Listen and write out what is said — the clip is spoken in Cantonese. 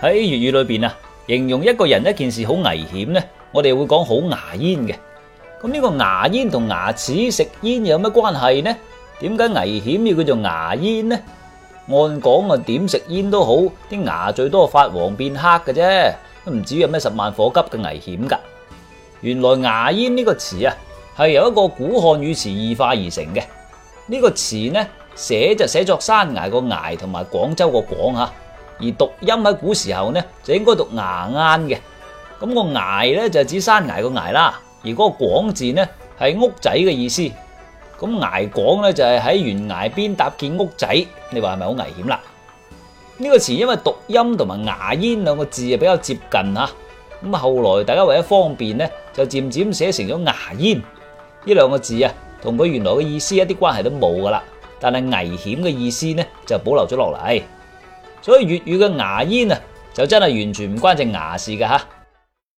喺粵語裏邊啊，形容一個人一件事好危險呢，我哋會講好牙煙嘅。咁呢個牙煙同牙齒食煙有咩關係呢？點解危險要叫做牙煙呢？按講啊，點食煙都好，啲牙最多發黃變黑嘅啫，都唔至於有咩十萬火急嘅危險噶。原來牙煙呢個詞啊，係由一個古漢語詞異化而成嘅。呢、這個詞呢，寫就寫作山崖個崖同埋廣州個廣吓。而讀音喺古時候咧，就應該讀牙巖嘅。咁個崖咧就指山崖個崖啦，而嗰個廣字咧係屋仔嘅意思。咁崖廣咧就係喺懸崖邊搭建屋仔，你話係咪好危險啦？呢、這個詞因為讀音同埋牙煙兩個字啊比較接近嚇，咁啊後來大家為咗方便咧，就漸漸寫成咗牙煙呢兩個字啊，同佢原來嘅意思一啲關係都冇噶啦。但係危險嘅意思咧就保留咗落嚟。所以粵語嘅牙煙就真係完全唔關牙事嘅。